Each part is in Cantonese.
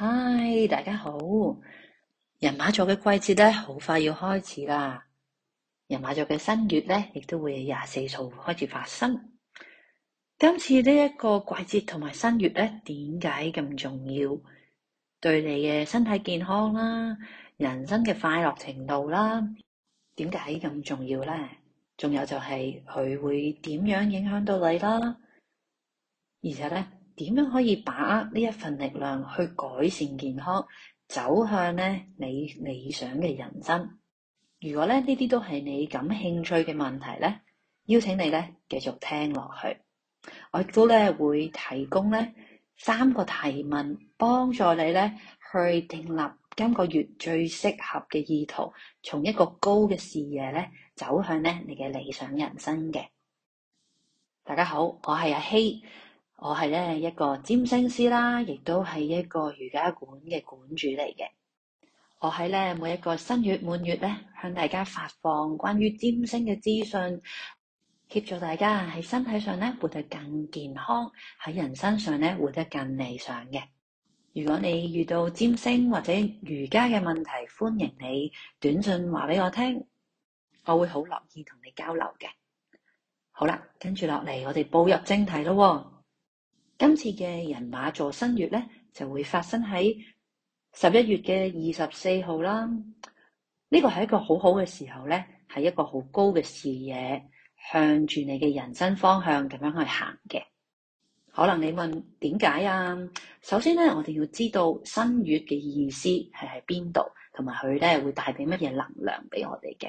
嗨，Hi, 大家好！人馬座嘅季節咧，好快要開始啦。人馬座嘅新月咧，亦都會係廿四號開始發生。今次呢一個季節同埋新月咧，點解咁重要？對你嘅身體健康啦，人生嘅快樂程度啦，點解咁重要咧？仲有就係、是、佢會點樣影響到你啦？而且咧。點樣可以把握呢一份力量去改善健康，走向咧你理想嘅人生？如果咧呢啲都係你感興趣嘅問題咧，邀請你咧繼續聽落去。我亦都咧會提供咧三個提問，幫助你咧去訂立今個月最適合嘅意圖，從一個高嘅視野咧走向咧你嘅理想人生嘅。大家好，我係阿希。我係咧一個占星師啦，亦都係一個瑜伽館嘅館主嚟嘅。我喺咧每一個新月、滿月咧，向大家發放關於占星嘅資訊，協助大家喺身體上咧活得更健康，喺人生上咧活得更理想嘅。如果你遇到占星或者瑜伽嘅問題，歡迎你短信話俾我聽，我會好樂意同你交流嘅。好啦，跟住落嚟，我哋步入正題咯。今次嘅人馬座新月咧，就會發生喺十一月嘅二十四號啦。呢個係一個好好嘅時候咧，係一個好高嘅視野，向住你嘅人生方向咁樣去行嘅。可能你問點解啊？首先咧，我哋要知道新月嘅意思係喺邊度，同埋佢咧會帶俾乜嘢能量俾我哋嘅。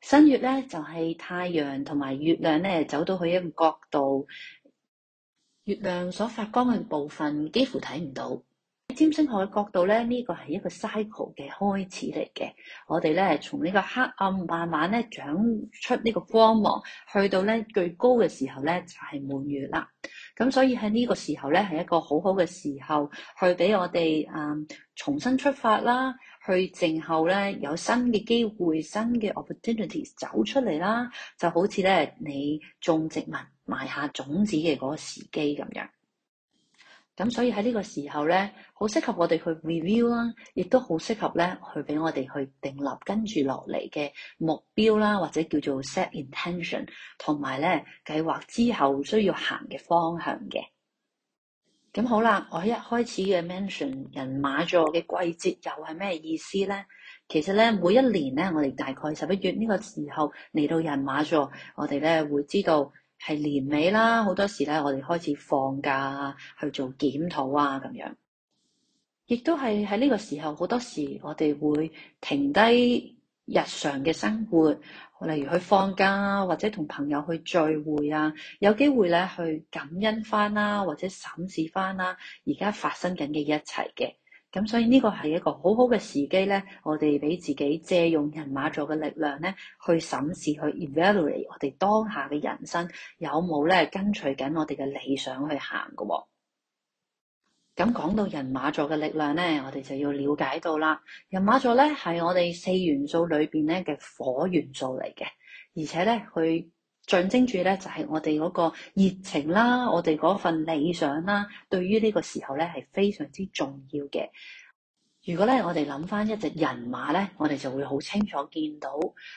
新月咧就係太陽同埋月亮咧走到去一個角度。月亮所發光嘅部分幾乎睇唔到，喺占星學嘅角度咧，呢、這個係一個 cycle 嘅開始嚟嘅。我哋咧從呢從個黑暗慢慢咧長出呢個光芒，去到咧最高嘅時候咧就係、是、滿月啦。咁所以喺呢個時候咧係一個好好嘅時候，去俾我哋啊、嗯、重新出發啦。去靜候咧，有新嘅機會、新嘅 opportunities 走出嚟啦，就好似咧你種植物埋下種子嘅嗰個時機咁樣。咁所以喺呢個時候咧，好適合我哋去 review 啦，亦都好適合咧去俾我哋去訂立跟住落嚟嘅目標啦，或者叫做 set intention，同埋咧計劃之後需要行嘅方向嘅。咁好啦，我一開始嘅 mention 人馬座嘅季節又係咩意思呢？其實咧，每一年咧，我哋大概十一月呢個時候嚟到人馬座，我哋咧會知道係年尾啦，好多時咧，我哋開始放假去做檢討啊，咁樣，亦都係喺呢個時候，好多時我哋會停低。日常嘅生活，例如去放假啊，或者同朋友去聚會啊，有機會咧去感恩翻啦，或者審視翻啦，而家發生緊嘅一切嘅，咁所以呢個係一個好好嘅時機咧，我哋俾自己借用人馬座嘅力量咧，去審視去 evaluate 我哋當下嘅人生有冇咧跟隨緊我哋嘅理想去行嘅。咁講到人馬座嘅力量咧，我哋就要了解到啦。人馬座咧係我哋四元素裏邊咧嘅火元素嚟嘅，而且咧佢象徵住咧就係我哋嗰個熱情啦，我哋嗰份理想啦，對於呢個時候咧係非常之重要嘅。如果咧，我哋諗返一隻人馬咧，我哋就會好清楚見到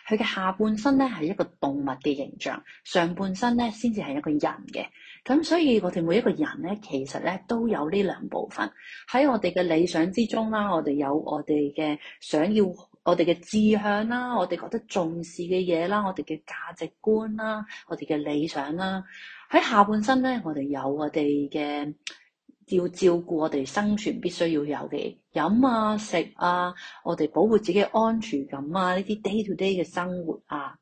佢嘅下半身咧係一個動物嘅形象，上半身咧先至係一個人嘅。咁所以我哋每一個人咧，其實咧都有呢兩部分。喺我哋嘅理想之中啦，我哋有我哋嘅想要，我哋嘅志向啦，我哋覺得重視嘅嘢啦，我哋嘅價值觀啦，我哋嘅理想啦。喺下半身咧，我哋有我哋嘅。要照顧我哋生存必須要有嘅飲啊食啊，我哋保護自己嘅安全感啊，呢啲 day to day 嘅生活啊。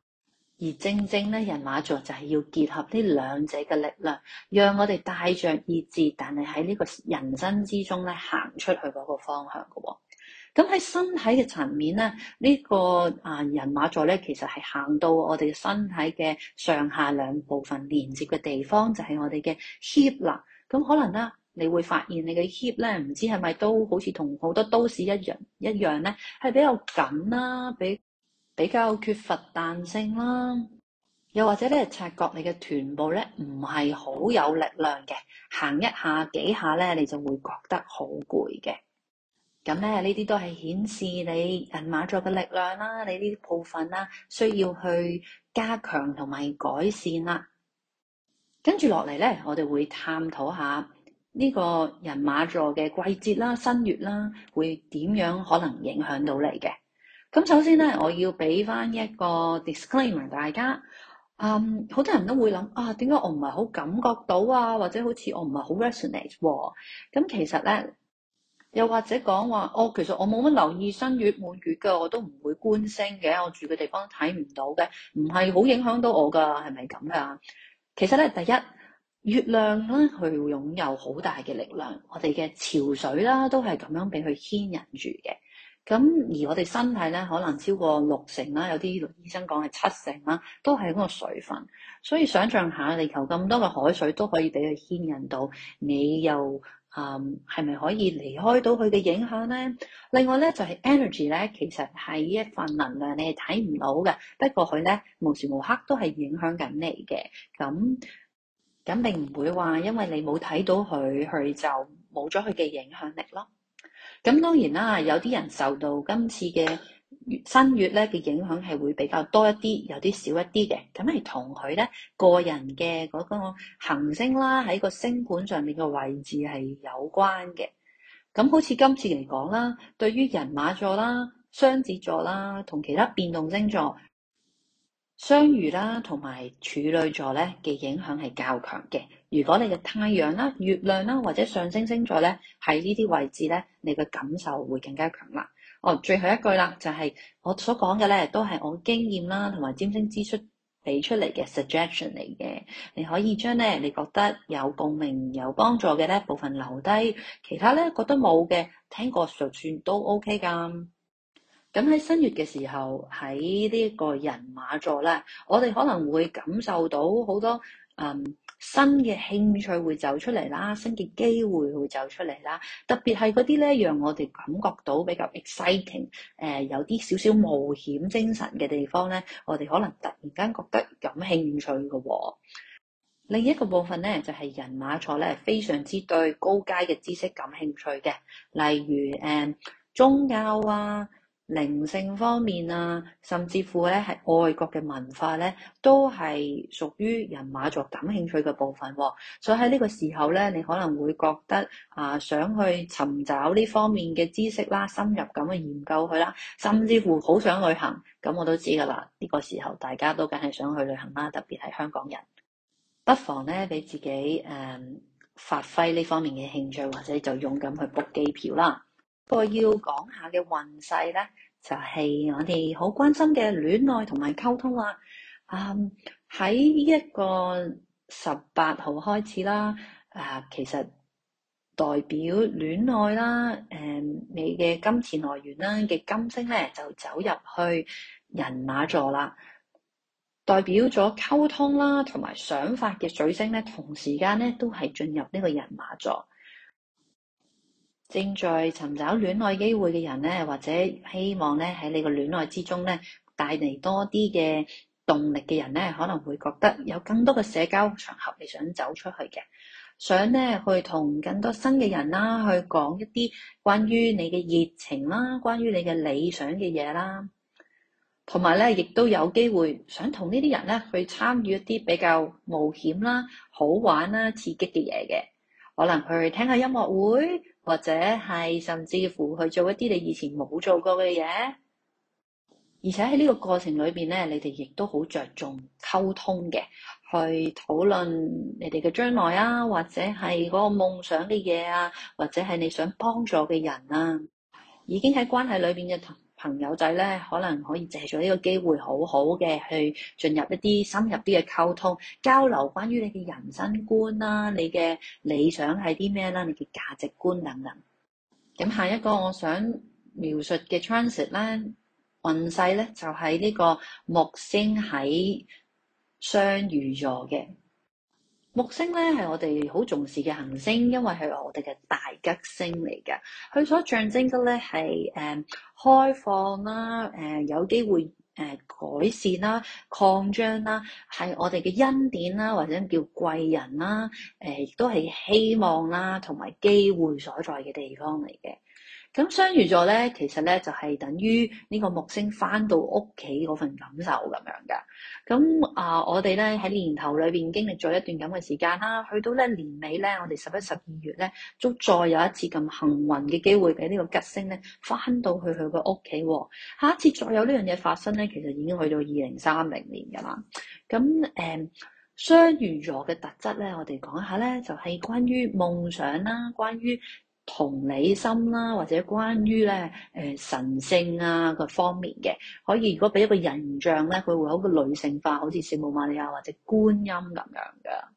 而正正咧，人馬座就係要結合呢兩者嘅力量，讓我哋帶著意志，但係喺呢個人生之中咧行出去嗰個方向嘅喎、哦。咁喺身體嘅層面咧，呢、呢個啊人馬座咧其實係行到我哋身體嘅上下兩部分連接嘅地方，就係、係、我哋嘅 hip 啦。咁可能啦。你會發現你嘅 hip 咧，唔知係咪都好似同好多都市一樣一樣咧，係比較緊啦、啊，比比較缺乏彈性啦、啊，又或者咧察覺你嘅臀部咧唔係好有力量嘅，行一下幾下咧，你就會覺得好攰嘅。咁咧呢啲都係顯示你人馬座嘅力量啦、啊，你呢啲部分啦、啊、需要去加強同埋改善啦、啊。跟住落嚟咧，我哋會探討下。呢個人馬座嘅季節啦、新月啦，會點樣可能影響到你嘅？咁首先咧，我要俾翻一個 disclaimer 大家。嗯，好多人都會諗啊，點解我唔係好感覺到啊？或者好似我唔係好 resonate 喎？咁啊，其實咧，又或者講話，哦，其實我冇乜留意新月、滿月嘅，我都唔會觀星嘅，我住嘅地方睇唔到嘅，唔係好影響到我噶，係咪咁啊？其實咧，第一。月亮咧，佢會擁有好大嘅力量，我哋嘅潮水啦，都係咁樣俾佢牽引住嘅。咁而我哋身體咧，可能超過六成啦，有啲醫生講係七成啦，都係嗰個水分。所以想像下，地球咁多嘅海水都可以俾佢牽引到，你又啊，係咪可以離開到佢嘅影響咧？另外咧，就係 energy 咧，其實係一份能量，你係睇唔到嘅，不過佢咧無時無刻都係影響緊你嘅。咁咁並唔會話，因為你冇睇到佢，佢就冇咗佢嘅影響力咯。咁當然啦，有啲人受到今次嘅新月咧嘅影響係會比較多一啲，有啲少一啲嘅。咁係同佢咧個人嘅嗰個行星啦，喺個星盤上面嘅位置係有關嘅。咁好似今次嚟講啦，對於人馬座啦、雙子座啦，同其他變動星座，雙魚啦，同埋處女座咧嘅影響係較強嘅。如果你嘅太陽啦、月亮啦或者上升星座咧喺呢啲位置咧，你嘅感受會更加強嘞。哦，最後一句啦，就係、是、我所講嘅咧，都係我經驗啦，同埋占星支出俾出嚟嘅 suggestion 嚟嘅。你可以將咧你覺得有共鳴、有幫助嘅咧部分留低，其他咧覺得冇嘅聽過就算都 OK 噶。咁喺新月嘅時候，喺呢個人馬座咧，我哋可能會感受到好多嗯新嘅興趣會走出嚟啦，新嘅機會會走出嚟啦。特別係嗰啲咧，讓我哋感覺到比較 exciting，誒、呃、有啲少少冒險精神嘅地方咧，我哋可能突然間覺得感興趣嘅喎、哦。另一個部分咧，就係、是、人馬座咧，非常之對高階嘅知識感興趣嘅，例如誒、嗯、宗教啊。靈性方面啊，甚至乎咧係外國嘅文化咧，都係屬於人馬座感興趣嘅部分。所以喺呢個時候咧，你可能會覺得啊、呃，想去尋找呢方面嘅知識啦，深入咁去研究佢啦，甚至乎好想旅行。咁我都知噶啦，呢、呢個時候大家都梗係想去旅行啦，特別係香港人，不妨咧俾自己誒、呃、發揮呢方面嘅興趣，或者就勇敢去 book 機票啦。不過要講下嘅運勢咧。就係我哋好關心嘅戀愛同埋溝通啦啊！喺呢一個十八號開始啦，啊、呃，其實代表戀愛啦，誒、呃，你嘅金錢來源啦嘅金星咧就走入去人馬座啦，代表咗溝通啦同埋想法嘅水星咧，同時間咧都係進入呢個人馬座。正在尋找戀愛機會嘅人咧，或者希望咧喺你個戀愛之中咧帶嚟多啲嘅動力嘅人咧，可能會覺得有更多嘅社交場合你想走出去嘅，想咧去同更多新嘅人啦去講一啲關於你嘅熱情啦，關於你嘅理想嘅嘢啦，同埋咧亦都有機會想同呢啲人咧去參與一啲比較冒險啦、好玩啦、刺激嘅嘢嘅，可能去聽下音樂會。或者係甚至乎去做一啲你以前冇做過嘅嘢，而且喺呢個過程裏邊咧，你哋亦都好着重溝通嘅，去討論你哋嘅將來啊，或者係嗰個夢想嘅嘢啊，或者係你想幫助嘅人啊，已經喺關係裏邊嘅。朋友仔咧，可能可以借助呢個機會好，好好嘅去進入一啲深入啲嘅溝通交流，關於你嘅人生觀啦、啊，你嘅理想係啲咩啦，你嘅價值觀等等。咁下一個我想描述嘅 transit 咧運勢咧，就係、是、呢個木星喺雙魚座嘅。木星咧係我哋好重視嘅行星，因為係我哋嘅大吉星嚟嘅。佢所象徵嘅咧係誒開放啦，誒、呃、有機會誒、呃、改善啦、擴張啦，係我哋嘅恩典啦，或者叫貴人啦，誒亦都係希望啦，同埋機會所在嘅地方嚟嘅。咁雙魚座咧，其實咧就係、是、等於呢個木星翻到屋企嗰份感受咁樣噶。咁啊、呃，我哋咧喺年頭裏邊經歷咗一段咁嘅時間啦，去到咧年尾咧，我哋十一、十二月咧，都再有一次咁幸運嘅機會俾呢個吉星咧翻到去佢個屋企。下一次再有呢樣嘢發生咧，其實已經去到二零三零年噶啦。咁誒、嗯，雙魚座嘅特質咧，我哋講下咧，就係、是、關於夢想啦，關於，同理心啦，或者關於咧誒、呃、神性啊各方面嘅，可以如果俾一個人像咧，佢會好個女性化，好似聖母瑪利亞或者觀音咁樣嘅。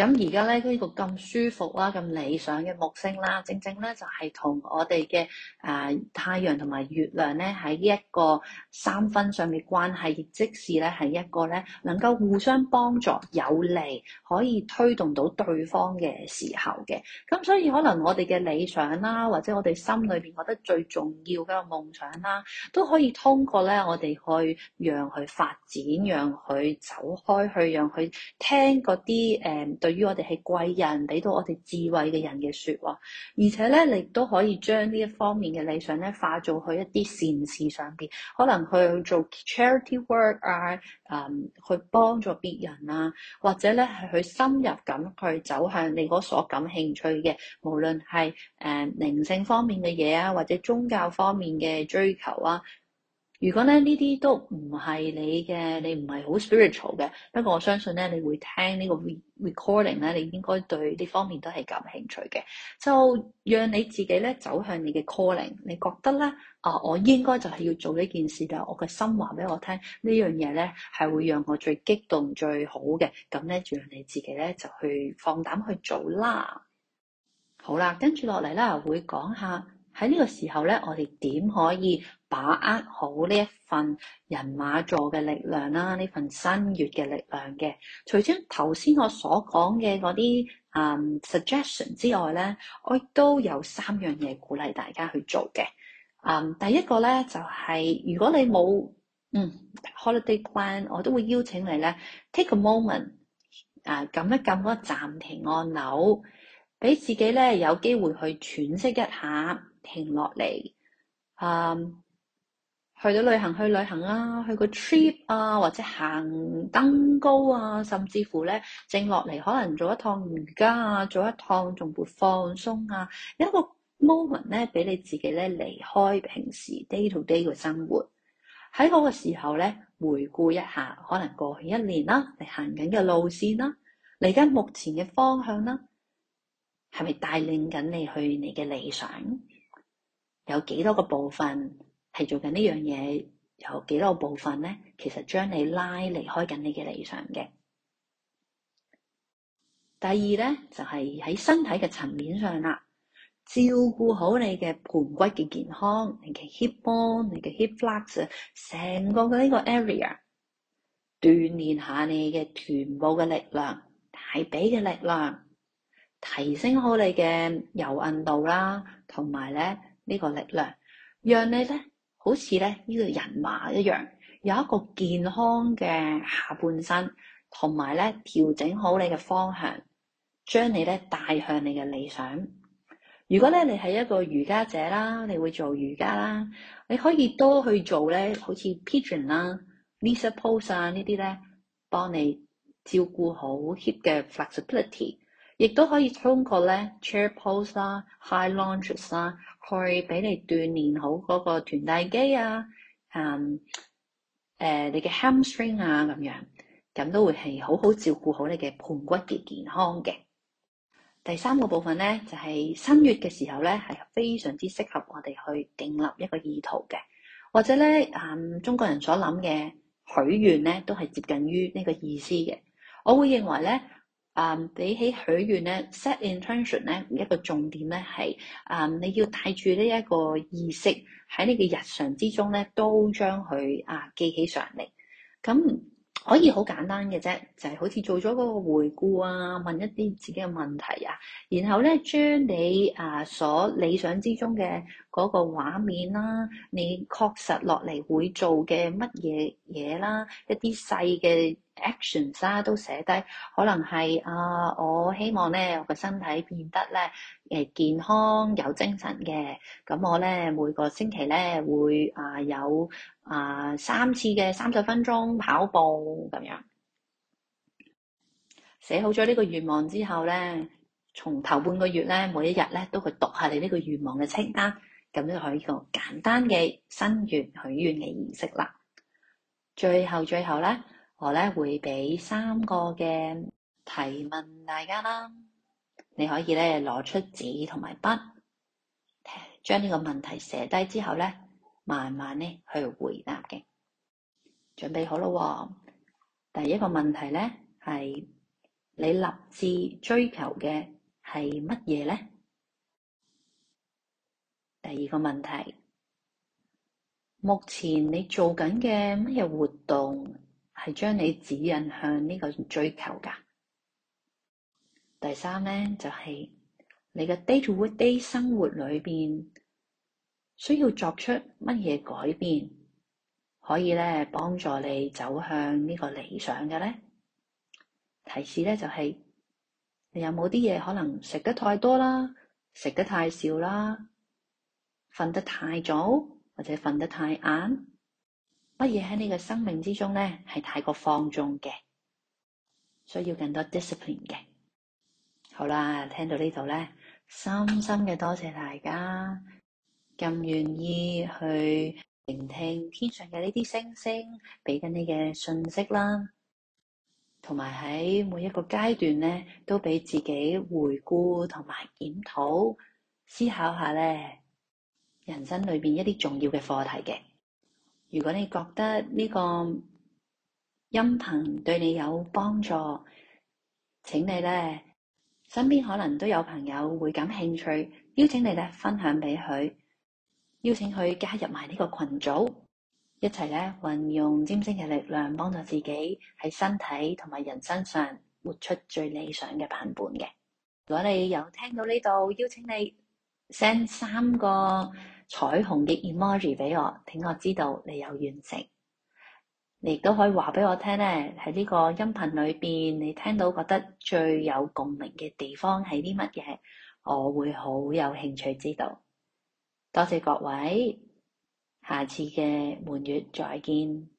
咁而家咧，佢呢個咁舒服啦、咁理想嘅木星啦，正正咧就係同我哋嘅誒太陽同埋月亮咧喺呢一個三分上面關係，亦即是咧係一個咧能夠互相幫助、有利可以推動到對方嘅時候嘅。咁所以可能我哋嘅理想啦，或者我哋心裏邊覺得最重要嘅個夢想啦，都可以通過咧我哋去讓佢發展、讓佢走開，去讓佢聽嗰啲誒。對、呃。對於我哋係貴人，俾到我哋智慧嘅人嘅說話，而且咧，你都可以將呢一方面嘅理想咧，化做去一啲善事上邊，可能去做 charity work 啊，誒、嗯，去幫助別人啊，或者咧係去深入咁去走向你嗰所感興趣嘅，無論係誒、嗯、靈性方面嘅嘢啊，或者宗教方面嘅追求啊。如果咧呢啲都唔係你嘅，你唔係好 spiritual 嘅，不過我相信咧，你會聽呢個 recording 咧，你應該對呢方面都係感興趣嘅。就讓你自己咧走向你嘅 calling，你覺得咧啊，我應該就係要做呢件事啦，但係我嘅心話俾我聽，呢樣嘢咧係會讓我最激動、最好嘅。咁咧，就讓你自己咧就去放膽去做啦。好啦，跟住落嚟咧會講下。喺呢個時候咧，我哋點可以把握好呢一份人馬座嘅力量啦，啊？呢份新月嘅力量嘅，除咗頭先我所講嘅嗰啲啊 suggestion 之外咧，我亦都有三樣嘢鼓勵大家去做嘅。啊、嗯，第一個咧就係、是，如果你冇嗯 holiday plan，我都會邀請你咧 take a moment 啊，撳一撳嗰個暫停按鈕，俾自己咧有機會去喘息一下。停落嚟，嗯，去到旅行去旅行啊，去個 trip 啊，或者行登高啊，甚至乎咧，靜落嚟可能做一趟瑜伽啊，做一趟仲會放鬆啊，有一個 moment 咧，俾你自己咧離開平時 day to day 嘅生活，喺嗰個時候咧回顧一下，可能過去一年啦，你行緊嘅路線啦，嚟緊目前嘅方向啦，係咪帶領緊你去你嘅理想？有幾多個部分係做緊呢樣嘢？有幾多個部分咧？其實將你拉離開緊你嘅理想嘅。第二咧就係、是、喺身體嘅層面上啦，照顧好你嘅盤骨嘅健康，你嘅 hip bone 你嘅 hip flex，成個嘅呢個 area，鍛煉下你嘅臀部嘅力量，大腿嘅力量，提升好你嘅柔韌度啦，同埋咧。呢個力量，讓你咧好似咧呢個人馬一樣，有一個健康嘅下半身，同埋咧調整好你嘅方向，將你咧帶向你嘅理想。如果咧你係一個瑜伽者啦，你會做瑜伽啦，你可以多去做咧，好似 Pigeon 啦、Lisopose 啊呢啲咧，幫你照顧好 hip 嘅 flexibility，亦都可以通過咧 Chair Pose 啦、High Lunges 啦。去俾你鍛鍊好嗰個臀大肌啊，嗯，誒、呃、你嘅 hamstring 啊咁樣，咁都會係好好照顧好你嘅盆骨嘅健康嘅。第三個部分咧，就係、是、新月嘅時候咧，係非常之適合我哋去訂立一個意圖嘅，或者咧，嗯，中國人所諗嘅許願咧，都係接近於呢個意思嘅。我會認為咧。誒，um, 比起許願咧，set intention 咧，一個重點咧係，誒，um, 你要帶住呢一個意識喺你嘅日常之中咧，都將佢啊記起上嚟。咁可以好簡單嘅啫，就係、是、好似做咗嗰個回顧啊，問一啲自己嘅問題啊，然後咧將你誒、啊、所理想之中嘅嗰個畫面啦、啊，你確實落嚟會做嘅乜嘢嘢啦，一啲細嘅。Actions 都寫低，可能係啊，我希望咧，我嘅身體變得咧誒健康有精神嘅。咁我咧每個星期咧會啊有啊三次嘅三十分鐘跑步咁樣。寫好咗呢個願望之後咧，從頭半個月咧每一日咧都去讀下你呢個願望嘅清單，咁就可以個簡單嘅新月許願嘅儀式啦。最後最後咧～我咧會俾三個嘅提問大家啦，你可以咧攞出紙同埋筆，將呢個問題寫低之後咧，慢慢咧去回答嘅。準備好咯！第一個問題咧係你立志追求嘅係乜嘢咧？第二個問題，目前你做緊嘅乜嘢活動，係將你指引向呢個追求噶。第三咧就係、是、你嘅 day to day 生活裏邊需要作出乜嘢改變，可以咧幫助你走向呢個理想嘅咧？提示咧就係、是、你有冇啲嘢可能食得太多啦，食得太少啦，瞓得太早或者瞓得太晏。乜嘢喺你嘅生命之中咧，係太過放縱嘅，需要更多 discipline 嘅。好啦，聽到呢度咧，深深嘅多謝大家咁願意去聆聽天上嘅呢啲星星俾緊你嘅信息啦，同埋喺每一個階段咧，都俾自己回顧同埋檢討，思考下咧，人生裏邊一啲重要嘅課題嘅。如果你覺得呢個音頻對你有幫助，請你咧身邊可能都有朋友會感興趣，邀請你咧分享俾佢，邀請佢加入埋呢個群組，一齊咧運用占星嘅力量幫助自己喺身體同埋人身上活出最理想嘅版本嘅。如果你有聽到呢度，邀請你 send 三個。彩虹嘅 emoji 俾我，令我知道你有完成。你都可以話俾我聽咧，喺呢個音頻裏邊，你聽到覺得最有共鳴嘅地方係啲乜嘢？我會好有興趣知道。多謝各位，下次嘅滿月再見。